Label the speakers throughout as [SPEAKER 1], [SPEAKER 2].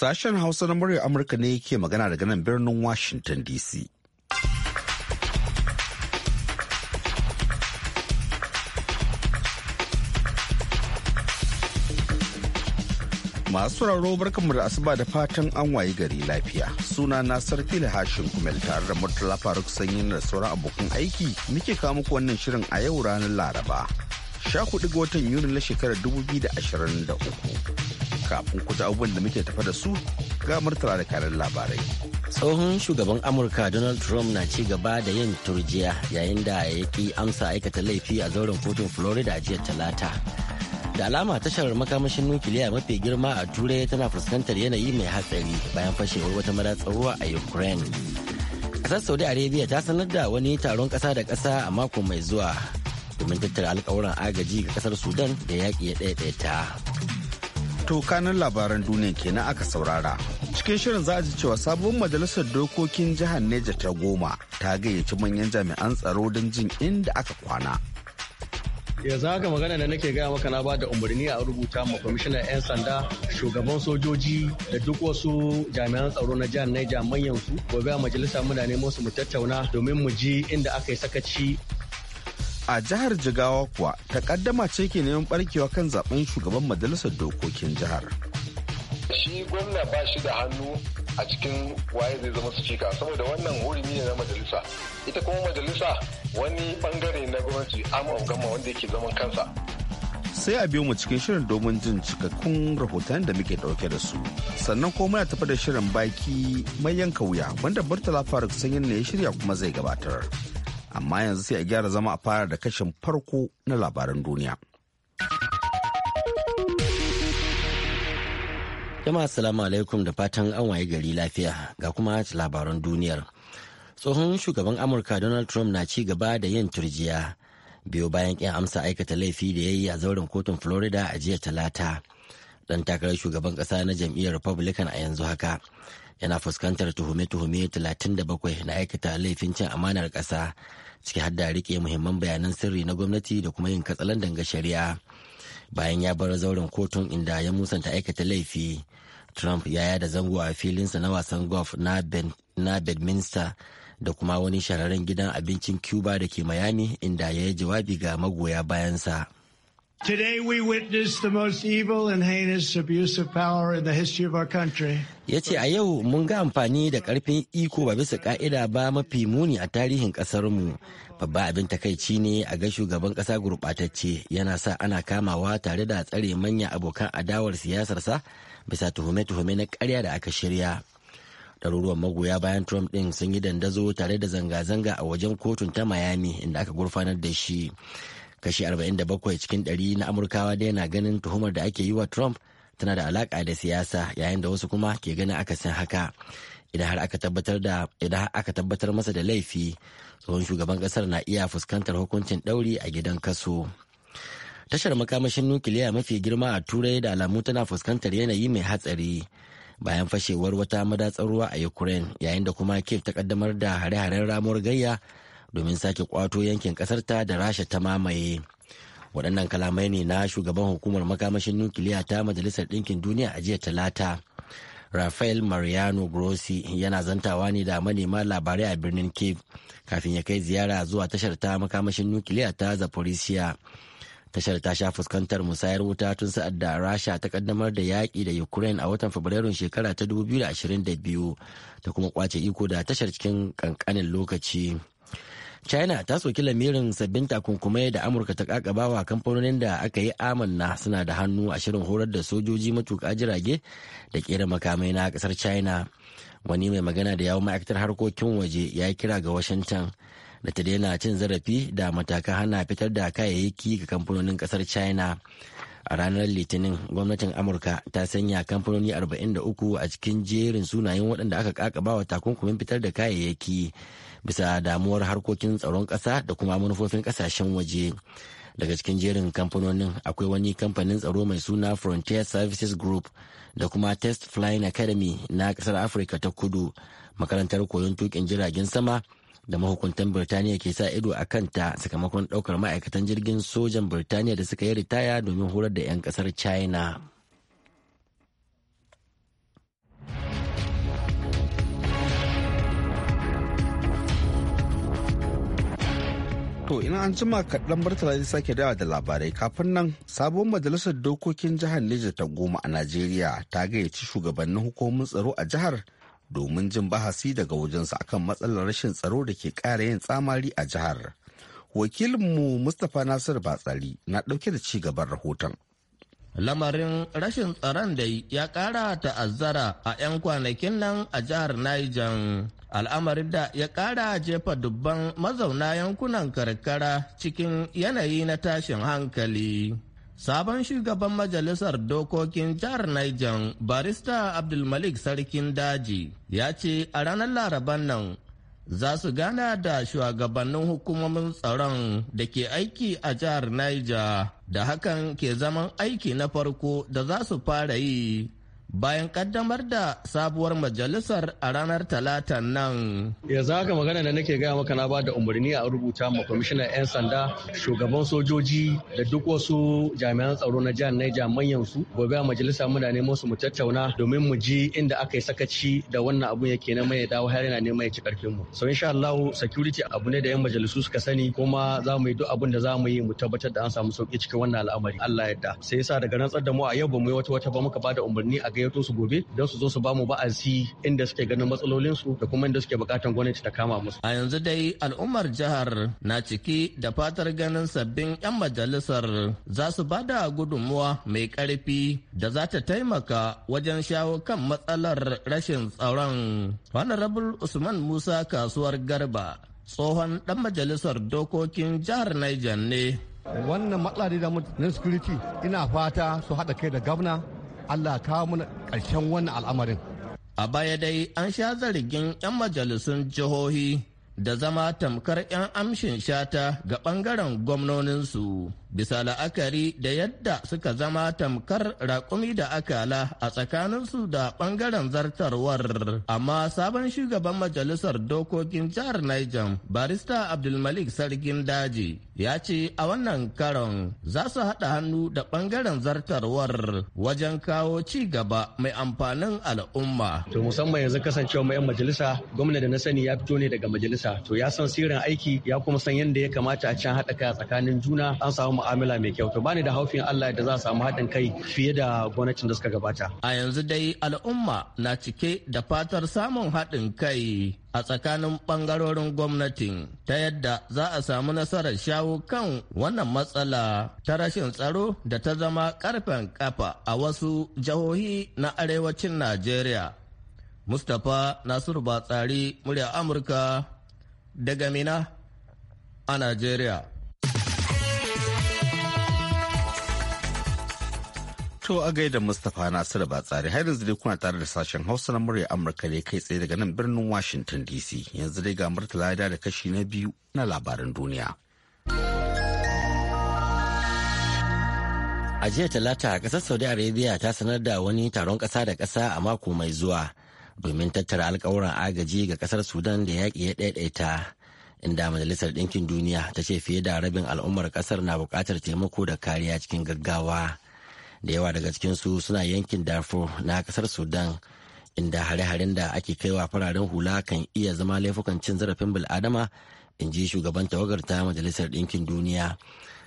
[SPEAKER 1] Sashen Hausa na muryar Amurka ne yake magana daga nan birnin Washington DC. Masu rauro barkanmu da asuba da fatan an wayi gari lafiya. Suna na sarki da hashin kumel tare da Murtala Faruk Sanyin da sauran abokan aiki muke kawo muku wannan shirin a yau ranar Laraba. Sha kuɗi ga watan Yuni na shekarar 2023. kafin kuta abubuwan da muke tafa da su ga murtala da kanin labarai. Tsohon shugaban Amurka Donald Trump na ci
[SPEAKER 2] gaba da yin turjiya yayin da ya ki amsa aikata laifi a zauren kotun Florida a jiya Talata. Da alama tashar makamashin nukiliya mafi girma a Turai tana fuskantar yanayi mai hatsari bayan fashewar wata madatsar ruwa a Ukraine. Kasar Saudi Arabia ta sanar da wani taron ƙasa da ƙasa a mako mai zuwa domin tattara alkawuran agaji ga
[SPEAKER 1] kasar Sudan da yaƙi ya ɗaiɗaita. To kanan labaran duniya kenan aka saurara. Cikin shirin za a ji cewa sabon majalisar dokokin jihar Neja ta goma ta gayyaci manyan jami'an tsaro don jin inda aka kwana.
[SPEAKER 3] yanzu haka magana da nake gaya maka na ba da umarni a rubuta ma kwamishinan 'yan sanda shugaban sojoji da duk wasu jami'an tsaro na jihar Niger manyan su gobe a majalisa muna neman su mu tattauna domin mu ji inda aka yi sakaci
[SPEAKER 1] a jihar jigawa kuwa takaddama ce ke neman barkewa kan zaben shugaban majalisar dokokin jihar
[SPEAKER 4] shi gwamna ba shi da hannu a cikin waye zai zama su cika saboda wannan wuri ne na majalisa ita kuma majalisa wani bangare na gwamnati amma gama wanda yake zaman kansa
[SPEAKER 1] sai a biyo mu cikin shirin domin jin cikakkun rahoton da muke dauke da su sannan kuma muna tafi da shirin baki mai yanka wuya wanda Murtala faruk sanyin ne ya shirya kuma zai gabatar amma yanzu sai a gyara zama a fara da kashin farko na labaran duniya. Jama'a salamu
[SPEAKER 2] alaikum da fatan an waye gari lafiya ga kuma labaran duniyar. Tsohon shugaban Amurka Donald Trump na ci gaba da yin turjiya biyo bayan ƙin amsa aikata laifi da ya yi a zauren kotun Florida a jiya talata. ɗan takarar shugaban ƙasa na jam'iyyar Republican a yanzu haka yana fuskantar tuhume-tuhume 37 na aikata laifin cin amanar ƙasa ciki har da rike muhimman bayanan sirri na gwamnati da kuma yin katsalandan ga shari'a bayan ya bar zauren kotun inda ya musanta aikata laifi trump ya yada zango a filinsa na wasan golf na bedminster da kuma wani shahararren gidan abincin cuba da ke miami inda ya yi jawabi ga magoya bayansa.
[SPEAKER 4] Today we witness the most evil and heinous abuse of power in the history of our country.
[SPEAKER 2] Ya ce a yau mun ga amfani da karfin iko ba bisa ka'ida ba mafi muni a tarihin mu Babba abin takaici ne a ga shugaban kasa gurɓatacce yana sa ana kamawa tare da tsare manya abokan adawar siyasarsa bisa tuhume-tuhume na karya da aka shirya. Ɗaruruwan magoya bayan Trump ɗin sun yi dandazo tare da zanga-zanga a wajen kotun ta Miami inda aka gurfanar da shi. kashi 47 cikin ɗari na amurkawa dai na ganin tuhumar da ake yi wa trump tana da alaka da siyasa yayin da wasu kuma ke ganin akasin haka idan har aka tabbatar da idan aka tabbatar masa da laifi tsohon shugaban kasar na iya fuskantar hukuncin ɗauri a gidan kaso tashar makamashin nukiliya mafi girma a turai da alamu tana fuskantar yanayi mai hatsari bayan fashewar wata madatsar ruwa a ukraine yayin da kuma kiev ta kaddamar da hare-haren ramuwar gayya domin sake kwato yankin ƙasarta da rasha ta mamaye waɗannan kalamai ne na shugaban hukumar makamashin nukiliya ta majalisar ɗinkin duniya a jiya talata rafael mariano grossi yana zantawa ne da manema labarai a birnin cape kafin ya kai ziyara zuwa tashar ta makamashin nukiliya ta zaporisiya tashar ta sha fuskantar musayar wuta tun sa'ad da rasha ta kaddamar da yaƙi da ukraine a watan fabrairun shekara ta 2022 ta kuma kwace iko da tashar cikin ƙanƙanin lokaci china ta soki lamirin sabbin takunkumai da amurka ta kakabawa kamfanonin da aka yi amanna suna da hannu a shirin horar da sojoji matuka jirage da kera makamai na kasar china wani mai magana da yawon ma'aikatar harkokin waje ya yi kira ga washington da ta daina cin zarafi da matakan hana fitar da kayayyaki ga kamfanonin kasar china a ranar litinin gwamnatin amurka ta sanya kamfanoni 43 a cikin jerin sunayen waɗanda aka kakaba wa takunkumin fitar da kayayyaki bisa damuwar harkokin tsaron ƙasa da kuma manufofin ƙasashen waje. daga cikin jerin kamfanonin akwai wani kamfanin tsaro mai suna frontier services group da kuma test flying academy na kasar afirka ta kudu makarantar koyon tukin jiragen sama da mahukuntan birtaniya ke sa ido a kanta sakamakon daukar ma'aikatan jirgin sojan birtaniya da suka yi ritaya domin horar da 'yan kasar china
[SPEAKER 1] To ina an jima kaɗan Murtala zai sake dawa da labarai kafin nan sabon majalisar dokokin jihar Neja ta goma a Najeriya ta gayyaci shugabannin hukumomin tsaro a jihar domin jin bahasi daga wajensu akan matsalar rashin tsaro da ke ƙara yin tsamari a jihar. Wakilinmu Mustapha Nasir Batsari na ɗauke da ci gaban rahoton.
[SPEAKER 5] lamarin rashin tsaron da ya ƙara ta'azzara a 'yan kwanakin nan a jihar Niger. al'amarin da ya ƙara jefa dubban mazauna yankunan karkara cikin yanayi na tashin hankali sabon shugaban majalisar dokokin jihar Niger barista abdulmalik sarkin daji ya ce a ranar laraban nan za su gana da shugabannin hukumomin tsaron da ke aiki a jihar Niger da hakan ke zaman aiki na farko da za su fara yi bayan kaddamar da sabuwar majalisar a ranar Talata nan. yanzu haka magana da nake gaya maka na
[SPEAKER 3] ba da umarni a rubuta ma kwamishinan 'yan sanda shugaban sojoji da duk wasu jami'an tsaro na jihar naija manyan su gobe a majalisa muna neman su mu tattauna domin mu ji inda aka yi sakaci da wannan abun yake na mai dawo har yana neman ya ci karfin mu so insha Allah security abu ne da 'yan majalisu suka sani kuma za mu yi duk abin da za mu yi mu tabbatar da an samu sauki cikin wannan al'amari Allah ya yarda sai yasa daga rantsar da mu a yau ba mu yi wata wata ba muka ba da umarni a gayyato su gobe don su zo su ba mu ba'azi inda suke ganin matsalolin su da kuma inda suke bukatan gwamnati ta kama musu. A yanzu dai
[SPEAKER 5] al'ummar jihar na ciki da fatar ganin sabbin 'yan majalisar za su ba da gudunmuwa mai karfi da za ta taimaka wajen shawo kan matsalar rashin tsaron. Honorable Usman Musa kasuwar Garba
[SPEAKER 1] tsohon dan majalisar dokokin jihar Niger ne. Wannan matsala da na security ina fata su haɗa kai da gwamna Allah kawo mana ƙarshen wannan al'amarin.
[SPEAKER 5] A baya dai an sha zargin 'yan majalisun jihohi da zama tamkar 'yan amshin shata ga ɓangaren gwamnoninsu. bisa la'akari da yadda suka zama tamkar raƙumi da akala a tsakaninsu da ɓangaren zartarwar amma sabon shugaban majalisar dokokin jihar Niger barista abdulmalik sargin daji ya ce a wannan karon za su haɗa
[SPEAKER 3] hannu da ɓangaren zartarwar wajen kawo ci gaba mai amfanin al'umma to musamman yanzu kasancewa mai majalisa gwamna da na sani ya fito ne daga majalisa to ya san sirrin aiki ya kuma san yadda ya kamata a can haɗa kai tsakanin juna an samu mu'amala mai kyau to bani da haufin Allah da za a samu haɗin kai fiye da gwamnatin da suka gabata a yanzu dai al'umma
[SPEAKER 5] na cike da fatar samun haɗin kai a tsakanin ɓangarorin gwamnatin ta yadda za a samu nasarar shawo kan wannan matsala ta rashin tsaro da ta zama karfen kafa a wasu jihohi na arewacin Najeriya. Mustapha Nasiru Batsari murya Amurka daga Mina
[SPEAKER 1] a Najeriya. To a gaida Mustapha Nasiru Batsari har yanzu dai kuna tare da sashen Hausa na murya Amurka ne kai tsaye daga nan birnin Washington DC. Yanzu dai ga Murtala da kashi na biyu na labaran duniya.
[SPEAKER 2] A jiya Talata, kasar Saudi Arabia ta sanar da wani taron kasa da kasa a mako mai zuwa domin tattara alkawuran agaji ga kasar Sudan da yaƙi ya ɗaiɗaita. Inda Majalisar Ɗinkin Duniya ta ce fiye da rabin al'ummar ƙasar na buƙatar taimako da kariya cikin gaggawa. da yawa daga cikinsu suna yankin darfur na kasar sudan inda hare-haren da ake kaiwa fararen hula kan iya zama laifukan cin zarafin bil'adama in ji shugaban tawagar ta majalisar ɗinkin duniya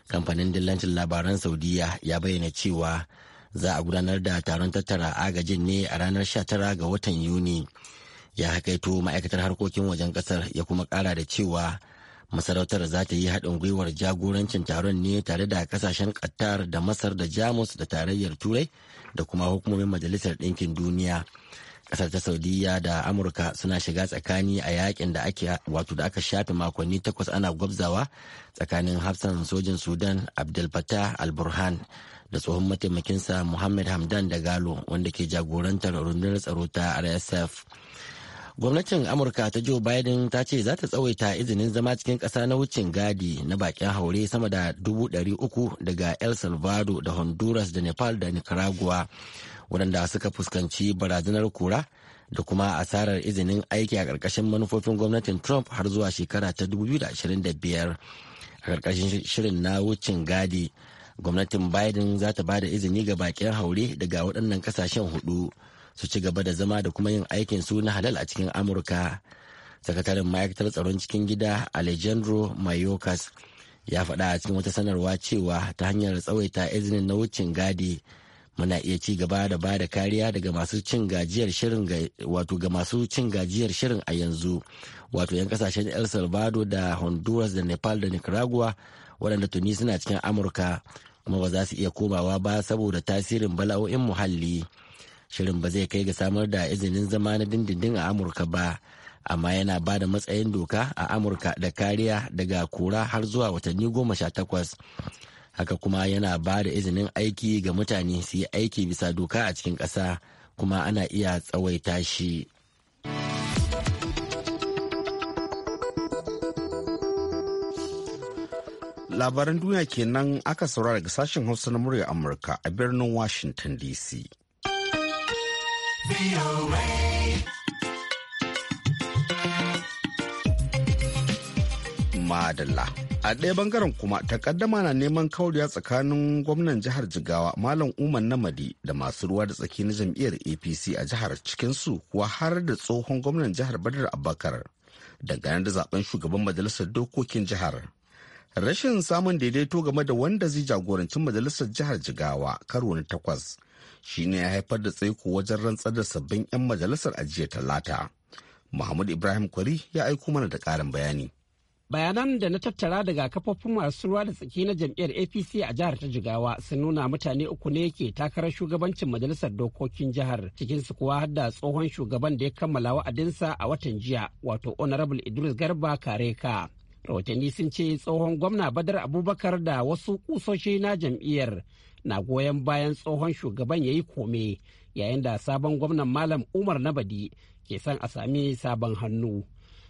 [SPEAKER 2] kamfanin dillancin labaran saudiya ya bayyana cewa za a gudanar da taron tattara agajin ne a ranar 19 ga watan yuni ya haƙaito ma'aikatar harkokin wajen ƙasar ya kuma ƙara da cewa masarautar za ta yi haɗin gwiwar jagorancin taron ne tare da kasashen qatar da masar da jamus da tarayyar turai da kuma hukumomin majalisar ɗinkin duniya ƙasar ta saudiya da amurka suna shiga tsakani a yakin da ake wato da aka shafe makonni takwas ana gwabzawa tsakanin hafsan sojin sudan abdul fattah al-burhan da tsohon mataimakinsa muhammad hamdan da galo wanda ke jagorantar rundunar tsaro ta rsf gwamnatin amurka ta joe biden ta ce za ta tsawaita izinin zama cikin ƙasa na wucin gadi na bakin haure sama da dubu ɗari uku daga el salvador da honduras da nepal da nicaragua waɗanda suka fuskanci barazanar kura da kuma asarar izinin aiki a ƙarƙashin manufofin gwamnatin trump har zuwa shekara ta 2025 a ƙarƙashin shirin na wucin gadi gwamnatin biden za ta ba da izini ga bakin haure daga waɗannan ƙasashen hudu su ci gaba da zama da kuma yin aikin su na halal a cikin amurka sakataren ma'aikatar tsaron cikin gida alejandro mayokas ya faɗa a cikin wata sanarwa cewa ta hanyar tsawaita izinin na wucin gadi muna iya ci gaba da ba da kariya daga masu cin gajiyar shirin wato ga masu cin gajiyar shirin a yanzu wato yan kasashen el salvador da honduras da nepal da nicaragua waɗanda tuni suna cikin amurka kuma ba za su iya komawa ba saboda tasirin bala'o'in muhalli shirin ba zai kai ga samar da izinin zama na dindindin a amurka ba amma yana ba da matsayin doka a amurka da kariya daga kura har zuwa watanni goma sha takwas haka kuma yana ba da izinin aiki ga mutane su yi aiki bisa doka a cikin ƙasa kuma ana iya tsawaita
[SPEAKER 1] shi labaran duniya kenan aka saurara daga sashen hausa na murya amurka a birnin washington dc Madalla. A ɗaya bangaren kuma takaddama na neman kauriya tsakanin gwamnan jihar Jigawa Malam Umar Namadi da masu ruwa da tsaki na jam'iyyar APC a jihar cikinsu kuwa har da tsohon gwamnan jihar Badar Abubakar dangane da zaben shugaban majalisar dokokin jihar. Rashin samun daidaito game da wanda zai jagoranci majalisar jihar Jigawa karo na takwas shine ya haifar da tsaiko wajen rantsar da sabbin 'yan majalisar ajiyar talata muhammad ibrahim kwari ya aiko mana da ƙarin bayani
[SPEAKER 6] bayanan da na tattara daga kafofin masu ruwa da tsaki na jam'iyyar apc a jihar ta jigawa sun nuna mutane uku ne ke takarar shugabancin majalisar dokokin jihar cikinsu kuwa har da tsohon shugaban da ya kammala wa'adinsa a watan jiya wato honorable idris garba kareka rahotanni sun ce tsohon gwamna badar abubakar da wasu kusoshi na jam'iyyar na goyon bayan tsohon shugaban ya yi kome yayin da sabon gwamnan malam umar nabadi ke son a sami sabon hannu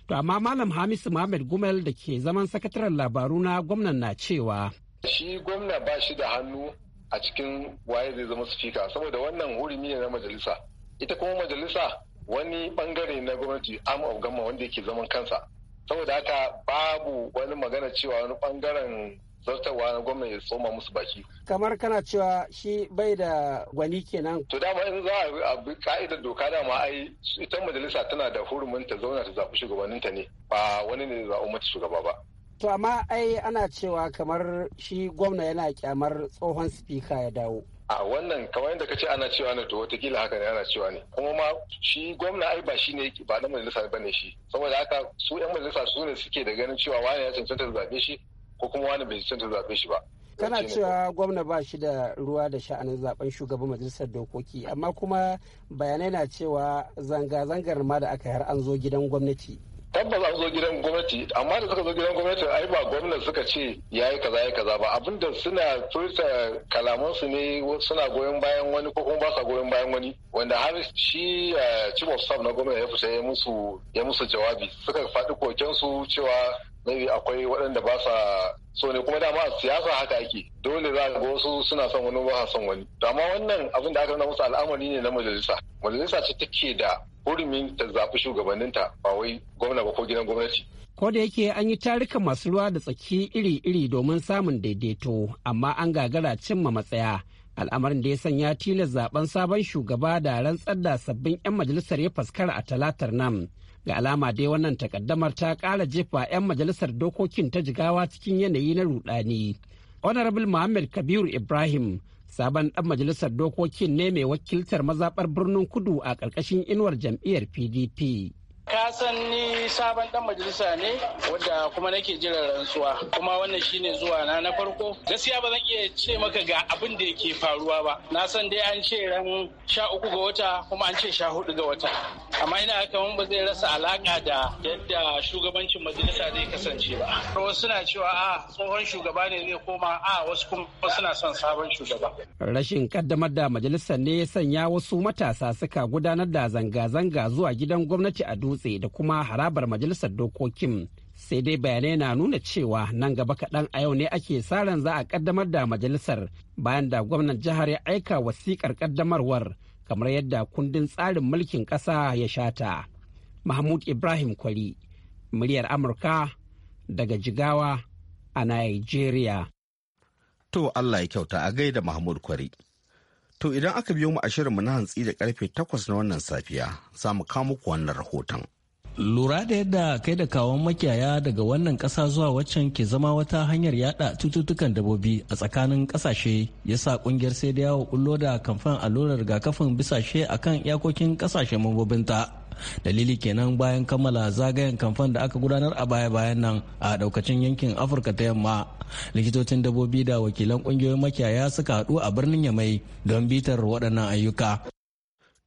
[SPEAKER 6] to amma malam hamisu muhammad gumel da ke zaman sakataren labaru na gwamnan na cewa
[SPEAKER 4] shi gwamna ba shi da hannu a cikin waye zai zama sufika saboda wannan hurumi ne na majalisa ita kuma majalisa wani bangare na gwamnati am of government wanda yake zaman kansa saboda haka babu wani magana cewa wani bangaren zartarwa na gwamnati ya soma musu baki.
[SPEAKER 6] Kamar kana cewa shi bai da gwani kenan.
[SPEAKER 4] To dama in za a bi ka'idar doka dama ai ita majalisa tana da hurumin ta zauna ta zaɓi shugabanninta ne ba wani ne zaɓi mata shugaba ba.
[SPEAKER 6] To amma ai ana cewa kamar shi gwamna yana kyamar tsohon spika ya dawo.
[SPEAKER 4] a wannan kamar yadda ce ana cewa ne to watakila haka ne ana cewa ne kuma ma shi gwamna ai ba shi ne ba na majalisa ba ne shi saboda haka su yan majalisa su ne suke da ganin cewa wani ya cancanta zaɓe shi ko kuma wani bai cancanta zaɓe shi ba
[SPEAKER 6] kana cewa gwamna ba shi da ruwa da sha'anin zaben shugaban majalisar dokoki amma kuma bayanai na cewa zanga-zangar ma da aka har an zo gidan gwamnati
[SPEAKER 4] tabbas an zo gidan gwamnati amma da suka zo gidan gwamnati ai ba gwamnan suka ce ya yi kaza ya kaza ba abinda suna furta kalamansu ne suna goyon bayan wani ko kuma ba sa goyon bayan wani wanda har shi eh, chief of staff na gwamnati ya fita ya musu ya musu jawabi suka faɗi kokensu cewa maybe akwai waɗanda ba sa so ne kuma dama a siyasa haka ake dole za ga wasu suna son wani ba son wani to amma wannan abin da aka nuna musu al'amari ne na majalisa majalisa ce take da hurumin ta zaɓi shugabanninta ba wai gwamna ba ko gidan gwamnati
[SPEAKER 6] ko da yake an yi tarika masu ruwa da tsaki iri-iri domin samun daidaito amma an gagara cimma matsaya al'amarin da ya sanya tilas zaben sabon shugaba da rantsar da sabbin 'yan majalisar ya faskara a talatar nan Ga alama dai wannan takaddamar ta ƙara jefa 'yan majalisar dokokin ta jigawa cikin yanayi na rudani. Honorable Muhammad Kabiru Ibrahim sabon ɗan majalisar dokokin ne mai wakiltar mazaɓar birnin kudu a ƙarƙashin inuwar jam'iyyar PDP.
[SPEAKER 7] ka san ni sabon dan majalisa ne wadda kuma nake jiran rantsuwa kuma wannan shine zuwa na na farko gaskiya ba zan iya ce maka ga abin da yake faruwa ba na san dai an ce ran sha uku ga wata kuma an ce sha hudu ga wata amma ina kaman ba zai rasa alaka da yadda shugabancin majalisa zai kasance ba wasu suna cewa a tsohon shugaba ne zai koma a wasu kuma suna son sabon
[SPEAKER 6] shugaba rashin kaddamar da majalisa ne ya sanya wasu matasa suka gudanar da zanga-zanga zuwa gidan gwamnati a dutse dutse da kuma harabar majalisar dokokin sai dai bayanai na nuna cewa nan gaba kaɗan a yau ne ake sa ran za a ƙaddamar da majalisar bayan da gwamnan jihar ya aika wasiƙar ƙaddamarwar kamar yadda kundin tsarin mulkin ƙasa ya shata. Mahmud Ibrahim Kwari, muryar Amurka daga Jigawa a Nigeria. To Allah ya kyauta a gaida
[SPEAKER 1] Mahmud Kwari. To idan aka biyo mu a shirinmu na hantsi da karfe takwas na wannan safiya, za mu kawo muku wannan rahoton.
[SPEAKER 5] lura da yadda kai da kawon makiyaya daga wannan ƙasa zuwa waccan ke zama wata hanyar yada cututtukan dabobi a tsakanin ƙasashe ya sa ƙungiyar sai da yawo kullo da kamfan allurar rigakafin bisashe a kan iyakokin ƙasashe mambobinta dalili kenan bayan kammala zagayen kamfan da aka gudanar a baya-bayan nan a daukacin yankin afirka ta yamma likitocin dabobi da wakilan ƙungiyoyin makiyaya suka haɗu a birnin yamai don bitar waɗannan ayyuka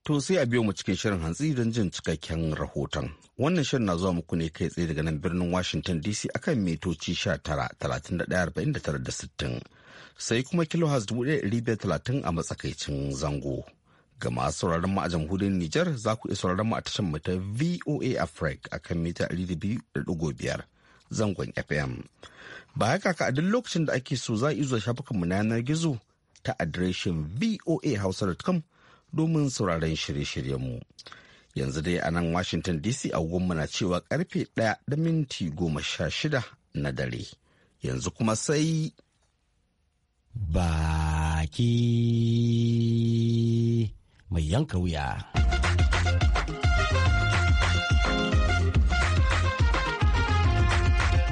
[SPEAKER 1] To sai a biyo mu cikin shirin hantsi don jin cikakken rahoton. Wannan shirin na zuwa muku ne kai tsaye daga nan birnin Washington DC akan mitoci 19,39,60 sai kuma kilohaz 1,530 a matsakaicin zango. Ga masu sauraron mu a jamhuriyar Nijar za ku iya sauraron mu a tashar mu ta VOA afric akan mita 200.5 zangon FM. Ba haka ka a duk lokacin da ake so za a yi zuwa shafukanmu na yanar gizo ta adireshin hausa.com domin sauraron shirye-shiryenmu. Yanzu dai a nan Washington DC agogonmu na cewa karfe ɗaya da minti goma sha shida na dare. Yanzu kuma sai baki
[SPEAKER 2] mai yanka wuya.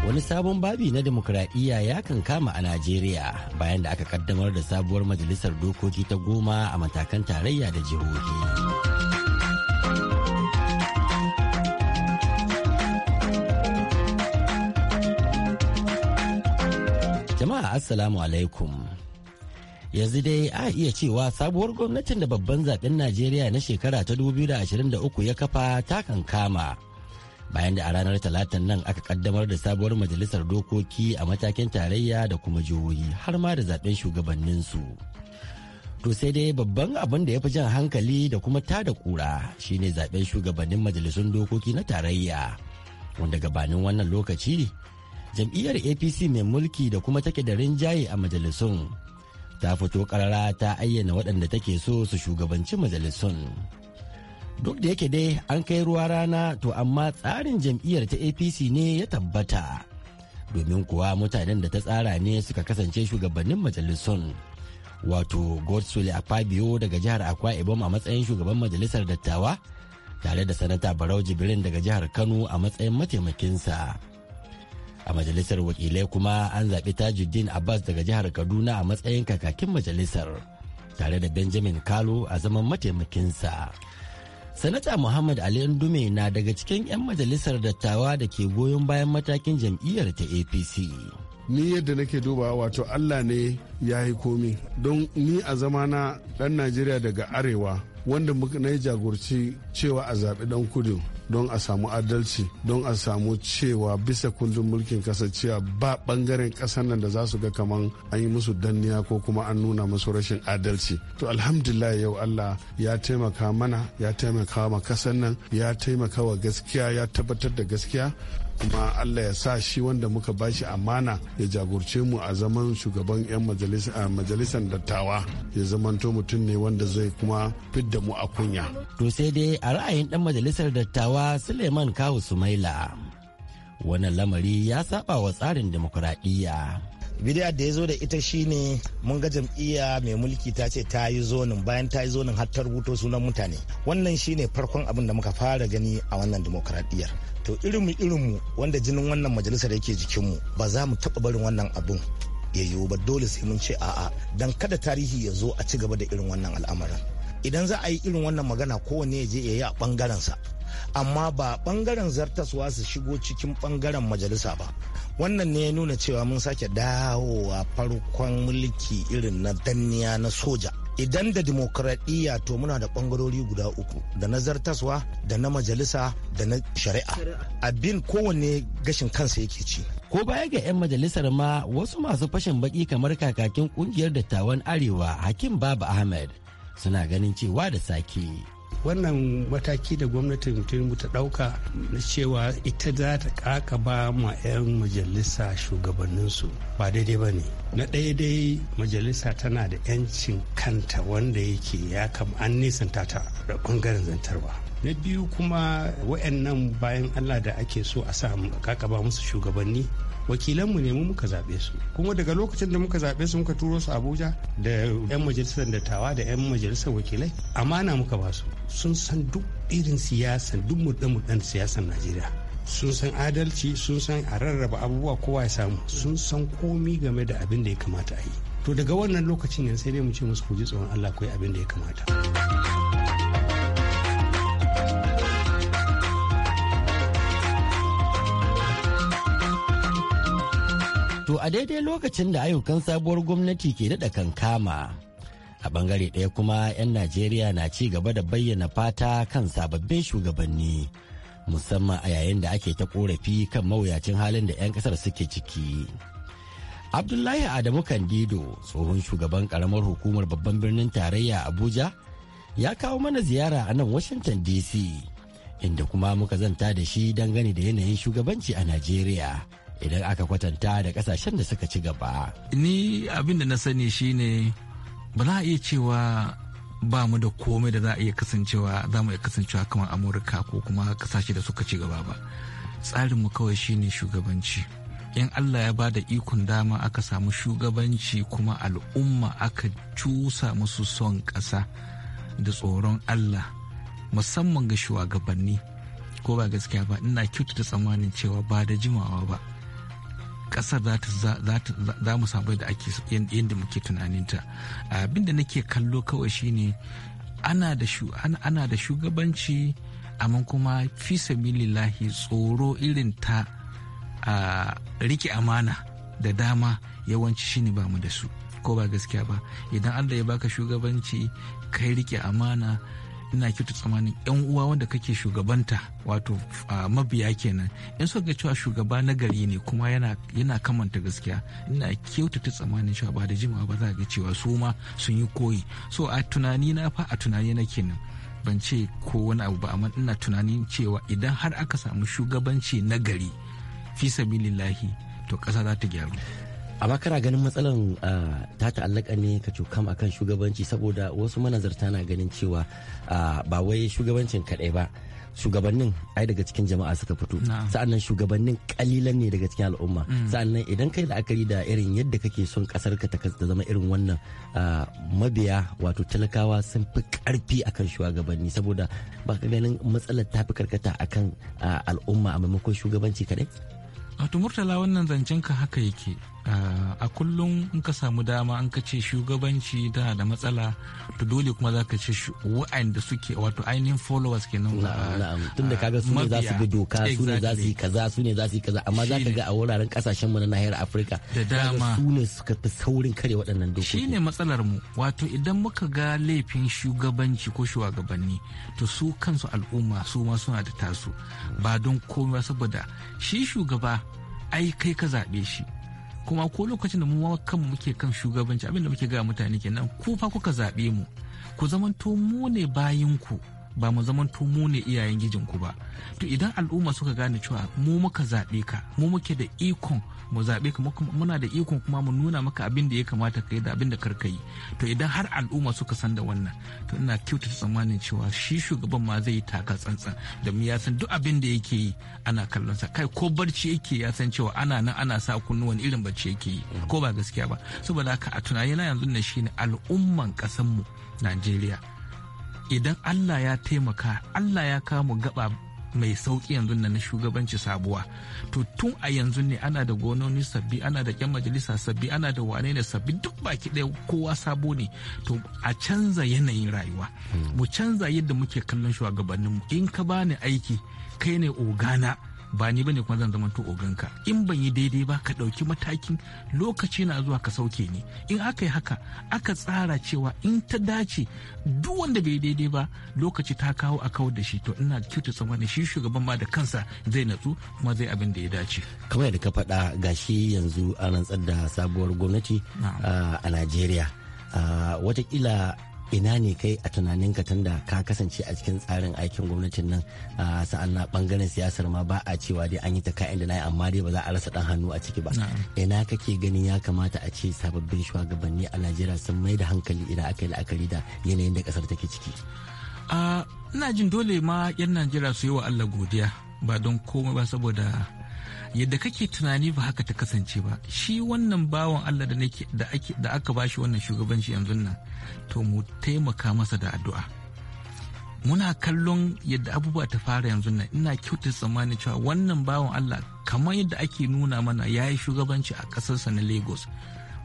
[SPEAKER 2] wani sabon babi na demokuraɗiyya ya kan kama a najeriya bayan da aka kaddamar da sabuwar majalisar dokoki ta goma a matakan tarayya da jihohi jama'a assalamu alaikum yanzu dai a iya cewa sabuwar gwamnatin da babban zaben najeriya na shekara ta 2023 ya kafa ta kankama kama bayan da a ranar talatan nan aka kaddamar da sabuwar majalisar dokoki a matakin tarayya da kuma jihohi har ma da zaben shugabanninsu to sai dai babban abin da ya fi jan hankali da kuma ta da kura shine zaben shugabannin majalisun dokoki na tarayya wanda gabanin wannan lokaci jam'iyyar apc mai mulki da kuma take da rinjaye a majalisun ta fito karara ta ayyana waɗanda take so su shugabanci majalisun duk da yake dai an kai ruwa rana to amma tsarin jam'iyyar ta apc ne ya tabbata domin kuwa mutanen da ta tsara ne suka kasance shugabannin majalisun wato godswill akpabio daga jihar akwa ibom a matsayin shugaban majalisar dattawa tare da sanata barau jibrin daga jihar kano a matsayin mataimakinsa a majalisar wakilai kuma an zaɓi tajuddin abbas daga jihar kaduna a matsayin kakakin majalisar tare da benjamin kalo a zaman mataimakinsa sanata muhammad ali ndume na daga cikin 'yan majalisar dattawa da ke goyon bayan matakin jam'iyyar ta apc
[SPEAKER 1] ni yadda nake duba wato allah ne ya yi komi don ni a zamana dan najeriya daga arewa wanda na yi jagorci cewa a zaɓi dan kudu don a samu adalci don a samu cewa bisa kundin mulkin kasancewa ba bangaren kasar nan da za su ga kaman an yi musu danniya ko kuma an nuna musu rashin adalci to alhamdulillah yau allah ya taimaka mana ya taimaka ma kasar nan ya taimaka wa gaskiya ya tabbatar da gaskiya kuma allah ya sa shi wanda muka bashi amana ya jagorce mu a zaman shugaban 'yan majalisar dattawa ya zamanto mutum ne wanda zai kuma fidda mu a kunya to sai dai a ra'ayin
[SPEAKER 2] dan majalisar dattawa suleiman kawu sumaila wannan lamari ya saba
[SPEAKER 1] wa tsarin demokuraɗiyya bidiyar da ya zo da ita shine mun ga jam'iyya mai mulki ta ce ta yi zonin bayan ta yi zonin har ta rubuto sunan mutane wannan shine farkon abin da muka fara gani a wannan demokradiyyar to irinmu irinmu wanda jinin wannan majalisar yake mu. ba za mu taɓa barin wannan abin ya yiwu ba dole sai mun ce a'a dan kada tarihi ya zo a ci gaba da irin wannan al'amarin idan za a yi irin wannan magana kowanne ya je ya yi a bangaren sa. amma ba bangaren zartaswa su shigo cikin bangaren majalisa ba wannan ne ya nuna cewa mun sake dawowa farkon mulki irin na danniya na soja idan da dimokuraɗiyya to muna da ɓangarori guda uku da na zartaswa da na majalisa da na shari'a abin kowanne gashin kansa yake ci
[SPEAKER 2] ko baya ga 'yan majalisar ma wasu masu fashin baki kamar kakakin kungiyar dattawan arewa hakim Babu ahmed suna ganin cewa da sake
[SPEAKER 1] wannan mataki da gwamnatin tinubu ta dauka na cewa ita za ta ba ma 'yan majalisa shugabanninsu ba daidai ba ne na ɗaya dai majalisa tana da 'yancin kanta wanda yake ya kam an nisan ta da ɓangaren zantarwa na biyu kuma wa'annan bayan allah da ake so a sa ƙaƙaba musu shugabanni wakilanmu ne mu muka zaɓe su kuma daga lokacin da muka zaɓe su muka turo su abuja da 'yan majalisar dattawa da 'yan majalisar wakilai amana muka ba su sun san duk irin siyasan duk murɗe-murɗen siyasan najeriya sun san adalci sun san a rarraba abubuwa kowa ya samu sun san komi game da abin da ya kamata a yi to daga wannan lokacin ne sai dai mu ce musu ku ji tsoron allah ku yi abin da ya kamata.
[SPEAKER 2] To a daidai lokacin da ayyukan sabuwar gwamnati ke daɗa kankama. A bangare ɗaya kuma 'yan Najeriya na ci gaba da bayyana fata kan sababbin shugabanni. Musamman a yayin da ake ta korafi kan mawuyacin halin da 'yan ƙasar suke ciki. Abdullahi Adamu Kandido, tsohon shugaban ƙaramar hukumar babban birnin tarayya Abuja, ya kawo mana ziyara a nan Washington DC. inda kuma muka zanta da shi dangane da yanayin shugabanci a Najeriya idan aka kwatanta da kasashen da suka ci gaba.
[SPEAKER 7] Ni abin da na sani shine ba za a iya cewa ba mu da komai da za a iya kasancewa za mu iya kasancewa kamar Amurka ko kuma kasashe da suka ci gaba ba. tsarin mu kawai shine shugabanci. in Allah ya ba da ikon dama aka samu shugabanci kuma al'umma aka cusa musu son ƙasa da tsoron Allah musamman ga shugabanni ko ba gaskiya ba ina kyautata tsammanin cewa ba da jimawa ba kasar za mu samu da ake yadda muke tunaninta abinda nake kallo kawai shine ana da shugabanci amma kuma fi lahi tsoro irin ta rike amana da dama yawanci shine ba mu da su ko ba gaskiya ba idan allah ya baka shugabanci kai rike amana ina kyautu tsamanin yan uwa wanda kake shugabanta wato mabiya kenan in suka ga cewa shugaba na gari ne kuma yana kamanta gaskiya ina kyautata tsamanin cewa ba da jimawa ba za ga cewa su ma sun yi koyi so a tunani na fa a tunani na kenan ban ce ko wani abu ba amma ina tunanin cewa idan har aka samu shugabanci na gari fi sabilillahi to ƙasa za ta gyaru amma kana ganin matsalan
[SPEAKER 2] ta ta'allaka ne ka cukam akan shugabanci saboda wasu manazarta na ganin cewa ba wai shugabancin kaɗai ba shugabannin ai daga cikin jama'a suka fito nan shugabannin kalilan ne daga cikin al'umma mm. sa'an nan idan kai la'akari da irin yadda kake son kasar ka ta zama irin wannan mabiya wato talakawa sun fi karfi akan shugabanni saboda ba ka ganin matsalar ta fi karkata akan al'umma a maimakon shugabanci kaɗai
[SPEAKER 7] wato murtala wannan zancen ka haka yake a kullum in ka samu dama an ka ce shugabanci tana da matsala to dole kuma za ka ce wa'anda suke wato ainihin followers kenan tun da kaga su ne za su bi doka su ne za su yi
[SPEAKER 2] kaza su ne za su yi kaza amma za ka ga a wuraren kasashen mu na nahiyar afirka da dama su ne suka fi saurin kare waɗannan dokoki
[SPEAKER 7] shine matsalar mu wato idan muka ga laifin shugabanci ko shugabanni to su kansu al'umma su ma suna da tasu ba don komai saboda shi shugaba ai kai ka zaɓe shi kuma ko lokacin da mu kanmu muke kan shugabanci abinda da muke ga mutane kenan ku fa kuka zaɓe mu ku zamanto mu ne bayinku ku ba mu zaman to mu ne iyayen gijinku ba to idan al'umma suka gane cewa mu muka zaɓe ka mu muke da ikon mu zaɓe ka muna da ikon kuma mu nuna maka abin da ya kamata ka yi da abin da karka yi to idan har al'umma suka san da wannan to ina kyautata tsammanin cewa shi shugaban ma zai yi taka tsantsan da mu ya san duk abin da yake yi ana kallon sa kai ko barci yake ya san cewa ana nan ana sa kunnuwan irin barci yake yi ko ba gaskiya ba saboda haka a tunanina yanzu na ne al'umman ƙasar mu Najeriya idan Allah ya taimaka Allah ya kamu gaba mai sauki yanzu na shugabanci sabuwa to tun a yanzu ne ana da gononi sabbi ana da yan majalisa sabbi ana da wane ne sabbi duk baki ɗaya kowa sabo ne to a canza yanayin rayuwa hmm. mu canza yadda muke kallon shugabanninmu in ka bani aiki kai ne ogana ba ni bane kuma zan zama to oganka in ban yi daidai ba ka ɗauki matakin lokaci na zuwa ka sauke ni in aka yi haka aka tsara cewa in ta dace duk wanda bai daidai ba lokaci ta kawo a kawar da shi to ina kyautu tsammanin shi shugaban ma da kansa zai natsu kuma zai abin da ya dace
[SPEAKER 2] kamar yadda ka faɗa gashi yanzu an rantsar da sabuwar gwamnati a najeriya watakila ina ne kai a tunanin tunaninka tunda ka kasance a cikin tsarin aikin gwamnatin nan a sa'an na bangaren siyasar ma ba a cewa dai an yi ta ka'in da na yi amma dai ba za a rasa dan hannu a ciki ba ina kake ganin ya kamata a ce sababbin shugabanni a najeriya sun mai da hankali idan aka yi la'akari da yanayin da kasar take ciki
[SPEAKER 7] ina jin dole ma yan najeriya su yi wa allah godiya ba don komai ba saboda yadda kake tunani ba haka ta kasance ba shi wannan bawan Allah da nake da ake da aka bashi wannan shugabanci yanzu nan to mu taimaka masa da addu'a muna kallon yadda abubuwa ta fara yanzu nan ina kyauta tsammanin cewa wannan bawan Allah kamar yadda ake nuna mana ya yi shugabanci a ƙasarsa na Lagos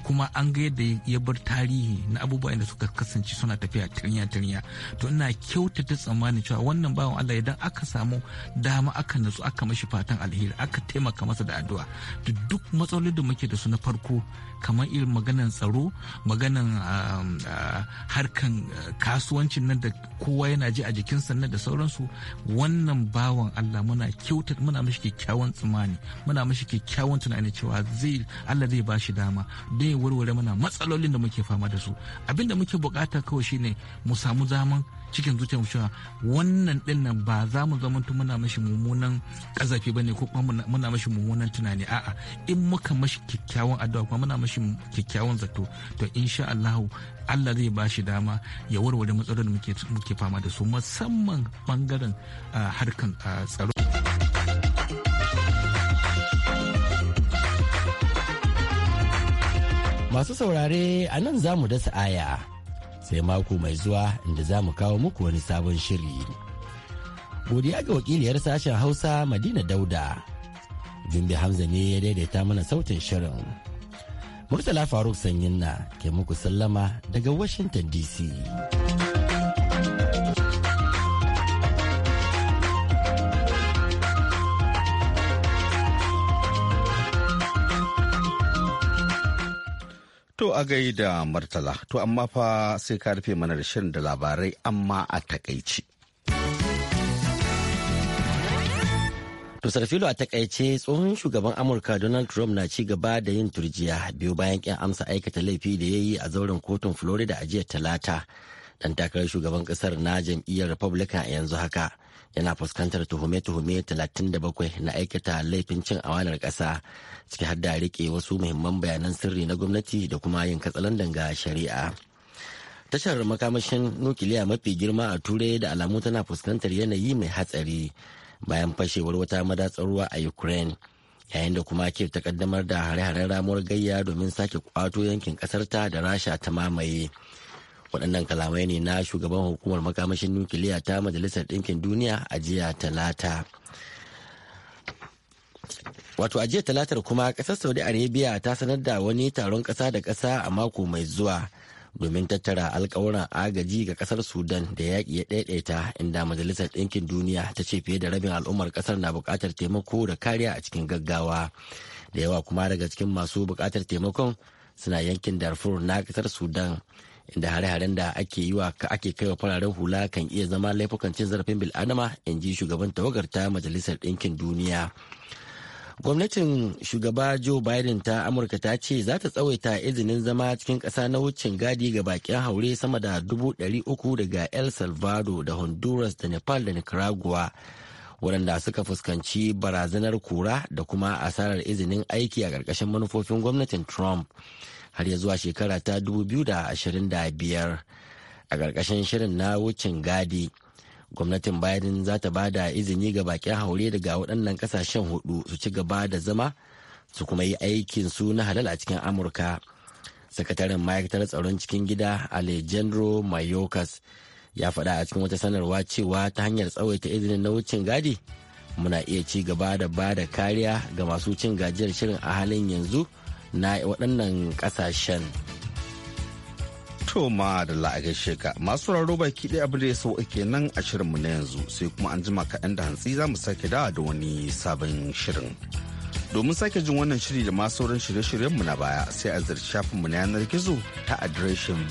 [SPEAKER 7] kuma an ga yadda ya bar tarihi na abubuwa da suka kasance suna tafiya tirnya tirnya to ina kyautata tsammanin cewa wannan bawan Allah idan aka samu dama aka natsu aka mashi fatan alheri aka taimaka masa da addu'a da duk matsalolin da muke da su na farko kamar irin maganan tsaro maganan um, uh, harkan uh, kasuwancin nan da kowa yana ji a jikin sannan da sauransu wannan bawan Allah muna kyauta muna mashi kyakkyawan tsammani muna mashi kyakkyawan tunani cewa zai Allah zai ba shi dama don warware mana matsalolin da muke fama da su abin da muke bukata kawai shine mu samu zaman cikin zuciyar cewa wannan din ba za mu zama muna mashi mummunan kazafi bane ko kuma muna mashi mummunan tunani a'a in muka mashi kyakkyawan addu'a kuma muna mashi kyakkyawan zato to insha Allah Allah zai ba shi dama ya warware matsalolin da muke fama da su musamman bangaren ah, harkan ah, tsaro.
[SPEAKER 2] Masu saurare a nan za mu dasa aya sai mako mai zuwa inda za mu kawo muku wani sabon shiri. Godiya ga wakiliyar sashen Hausa Madina Dauda. Jumbi Hamza ne ya daidaita mana sautin shirin. Murtala Faruk Sanyin na ke muku sallama daga Washington DC.
[SPEAKER 1] To a da Murtala, to amma fa sai ka rufe mana da shirin da labarai amma a takaici.
[SPEAKER 2] To filo a takaice tsohon shugaban Amurka Donald Trump na ci gaba da yin turjiya biyu bayan ƙin amsa aikata laifi da ya yi a zauren kotun Florida a jiya talata. Dan takarar shugaban ƙasar na jam'iyyar Republican yanzu haka. yana fuskantar tuhume-tuhume 37 na aikata laifin cin amanar ƙasa ciki har da rike wasu muhimman bayanan sirri na gwamnati da kuma yin katsalandan ga shari'a tashar makamashin nukiliya mafi girma a turai da alamu tana fuskantar yanayi mai hatsari bayan fashewar wata madatsarwa a ukraine yayin da kuma ke ta kaddamar da hare-haren ramuwar gayya domin sake kwato yankin kasarta da rasha ta mamaye waɗannan kalamai ne na shugaban hukumar makamashin nukiliya ta majalisar ɗinkin duniya a jiya talata wato a jiya talatar kuma ƙasar saudi arabia ta sanar da wani taron ƙasa da ƙasa a mako mai zuwa domin tattara alkawuran agaji ga ƙasar sudan da yaƙi ya ɗaiɗaita inda majalisar ɗinkin duniya ta ce fiye da rabin al'ummar ƙasar na buƙatar taimako da kariya a cikin gaggawa da yawa kuma daga cikin masu buƙatar taimakon suna yankin darfur na ƙasar sudan inda hare-haren da ake yi wa ake kaiwa fararen hula kan iya zama laifukan cin zarafin bil'adama in ji shugaban tawagar ta majalisar ɗinkin duniya gwamnatin shugaba joe biden ta amurka ta ce za ta tsawaita izinin zama cikin ƙasa na wucin gadi ga bakin haure sama da dubu ɗari uku daga el salvador da honduras da nepal da nicaragua waɗanda suka fuskanci barazanar kura da kuma asarar izinin aiki a ƙarƙashin manufofin gwamnatin trump har ya zuwa shekara ta 2025 a ƙarƙashin shirin na wucin gadi gwamnatin biden za ta ba da izini ga bakin haure daga waɗannan ƙasashen hudu su ci gaba da zama su kuma yi aikin su na halal a cikin amurka sakataren ma'aikatar tsaron cikin gida alejandro mayorkas ya faɗa a cikin wata sanarwa cewa ta hanyar tsawaita izinin na wucin gadi muna iya ci gaba da ba da kariya ga masu cin gajiyar shirin a halin
[SPEAKER 1] yanzu na waɗannan ƙasashen. toma da la'agai sheka masu raro baki ɗaya abin da ya sau ake nan a shirinmu na yanzu sai kuma an jima kaɗan da hantsi za mu sake dawa da wani sabon shirin domin sake jin wannan shiri da masu sauran shirye-shiryenmu na baya sai a zirci mu na yanar gizo ta adireshin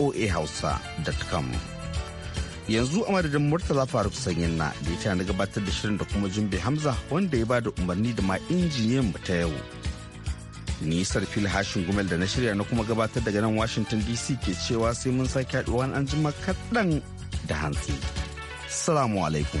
[SPEAKER 1] voahausa.com yanzu a madadin murtala faruk sanyin na da ya na gabatar da shirin da kuma jumbe hamza wanda ya ba da umarni da ma injiniyan mu ta yau nisar fil hashin gumel da na shirya na kuma gabatar daga nan washington dc ke cewa sai mun sake haɗuwa an jima kaɗan da hantsi salamu alaikum